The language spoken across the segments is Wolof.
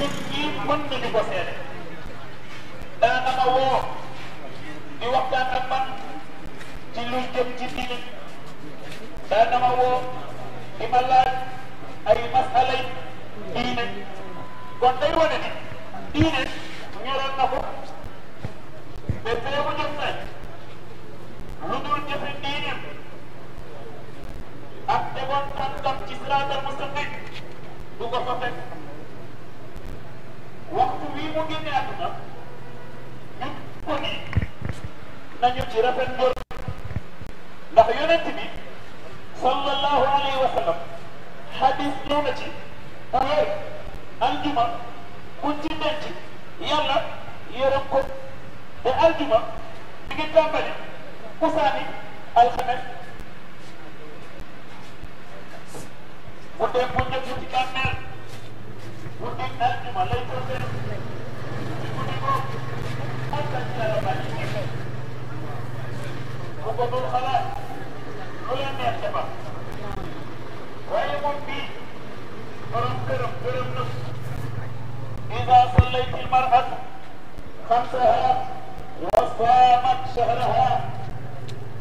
ñun ñii mën nañu ko seede daana ma di waxtaan man ci lu jëm ci diine daana ma woo ay masalay diine kon day wane ni diine ñoroon na ko te teewu jëm na lu dul jëfe diine ak tegoon tànkam ci siraatal mustaqim du ko fa fekk bii mu génne àdduna ñu nañu ci rafet njor ndax yonent bi sallallahu alayhi wa sallam xadis ñëw na ci ayer ku ci denc yàlla yërëm ko te aljuma mi ngi tàmbali kusaani alxames bu dee bu njëkk ci gàmmeel bu dee aljuma lay إليك المرأة خمسها وصامت شهرها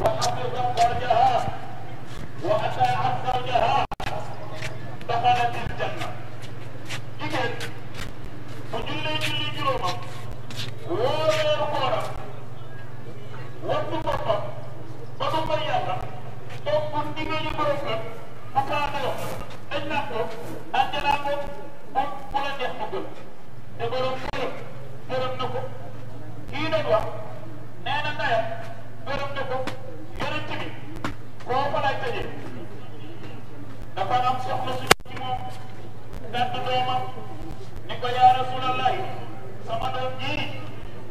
وحفظت فرجها وأطاعت زوجها دخلت الجنة. jigéen bu jullee julli juróomam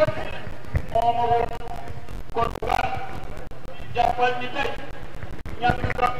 lépp moo ma woon kon bu baax jàppal ni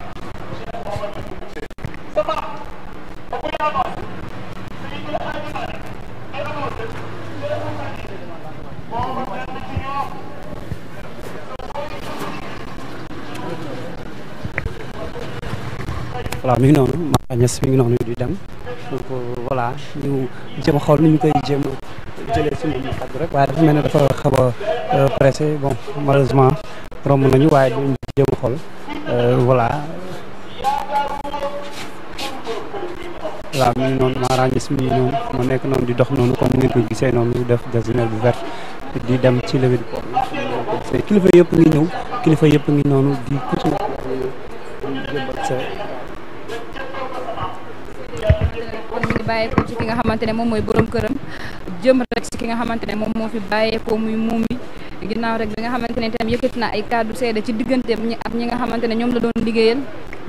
voilà mi ngi noonu Mara Niass mi ngi noonu di euh, a xool nu ñu koy jéem a jëlee waaye dafa mel ne dafa a euh, ma euh, nekk noonu di dox noonu comme ngeen ko gisee noonu def gazinière bu verte di dem ci levée bi kilifa yëpp ngi ñëw kilifa yëpp ngi noonu di ku ci nekk di jëmbat sa kon mi ngi ci ki nga xamante ne moom mooy borom këram jëm rek ci ki nga xamante ne moom moo fi bàyyeekoo muy muumi ginnaaw rek bi nga xamante ne tam yëkkati na ay kàddu seede ci digganteem ñi ak ñi nga xamante ne ñoom la doon liggéeyal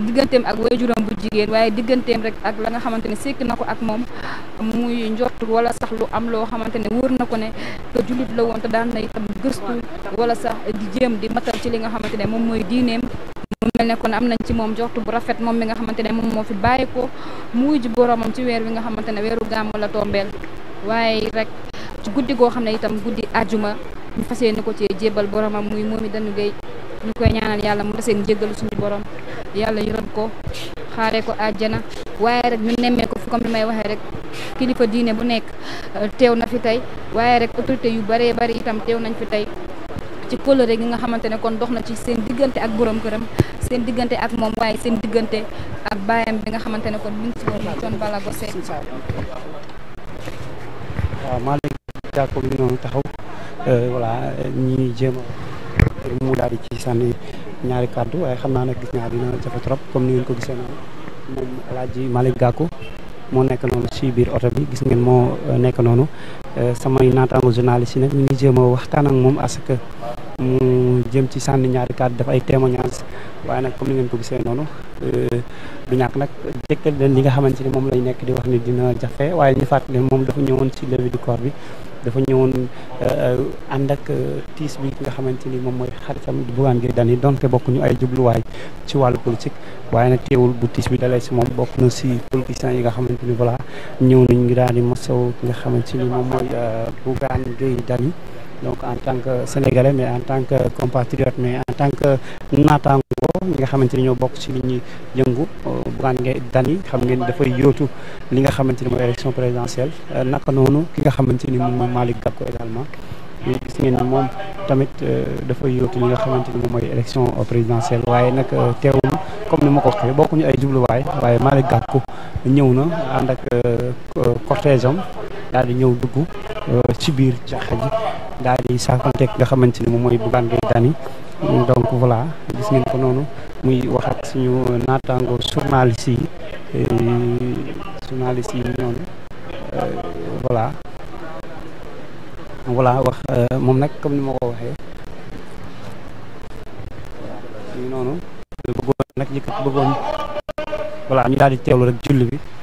digganteem ak waajuram bu jigéen waaye digganteem rek ak la nga xamante ne sekk na ko ak moom muy njort wala sax lu am loo xamante ne wóor na ko ne te jullit la woon te daan na itam gëstu wala sax di jéem di matal ci li nga xamante ne moom mooy diineem mu mel ne kon am nañ ci moom joxtu bu rafet moom mi nga xamante ne moom moo fi bàyyi ko mu wuy ji boroomam ci weer wi nga xamante ne weeru gàmmu la tombeel waaye rek guddi goo xam ne itam guddi àjjuma ñu fas yéene ko ci jébal boromam muy moom it dañu gay ñu koy ñaanal yàlla mu seen jéggalu suñu borom yàlla yërëm ko xaaree ko àjjana waaye rek ñu nemmee ko fi comme li may waxee rek kilifa diine bu nekk teew na fi tey waaye rek autorité yu bëree bëri itam teew nañ fi tey ci kóllëre gi nga xamante ne kon dox na ci seen diggante ak borom këram seen diggante ak moom waaye seen diggante ak baayam bi nga xamante ne kon mi ngi ci woon muy taxaw euh, voilà ñi jéem a daal di ci sànni ñaari kàddu waaye xam naa nag gis naa dina jafe trop comme ni ngeen ko gisee noonu moom El Hadj Malick Gakou moo nekk noonu ci biir oto bi gis ngeen moo euh, nekk noonu euh, samay naataango journaliste yi nag ñu ngi jéem waxtaan ak moom parce que mu jëm ci sànni ñaari kàddu def ay témoignages waaye nag comme ni ngeen ko gisee noonu euh, du ñàkk nag jëkkal leen li nga xamante ni moom lañ nekk di wax ni dina jafe waaye ñu fàttali moom dafa ñëwoon ci levée du corps bi dafa ñëwoon euh, ànd ak euh, tiis bi nga xamante ni moom mooy xaritam Bougane Gueye Dany donte bokkuñu ay jubluwaay ci wàllu politique waaye nag teewul bu tiis bi dalee si moom bokk na si politiciens yi nga xamante ni voilà ñëw nañ ngi daal di masaw ki nga xamante ni moom mooy Bougane Gueye Dany donc en tant que sénégalais mais en tant que compatriote mais en tant que naataango ñi nga xamante ni ñoo bokk ci li ñuy yëngu euh, Bougane Gueye Dany xam ngeen dafay yóotu li nga xamante ni mooy élection présidentielle euh, naka noonu ki nga xamante ni moom mooy Malick Gakou également gis ngeen ni moom tamit euh, dafay yóotu li nga xamante ni moom mooy élection présidentielle waaye nag teewul comme ni ma ko waxee bokkuñu ay jubluwaay waaye Malick Gakou ñëw na ànd ak cortège am daal di ñëw dugg ci biir jàkka ji daal di saafanteeg nga xamante ni moom mooy Bougane Gueye Dany donc voilà gis ngeen ko noonu muy wax ak suñu naataango journaliste yi euh, journaliste yi noonu euh, voilà voilà wax euh, moom nag comme ni ma ko waxee ñu noonu bëggoon nag yëkkati bëggoon voilà ñu daal di teewlu rek julli bi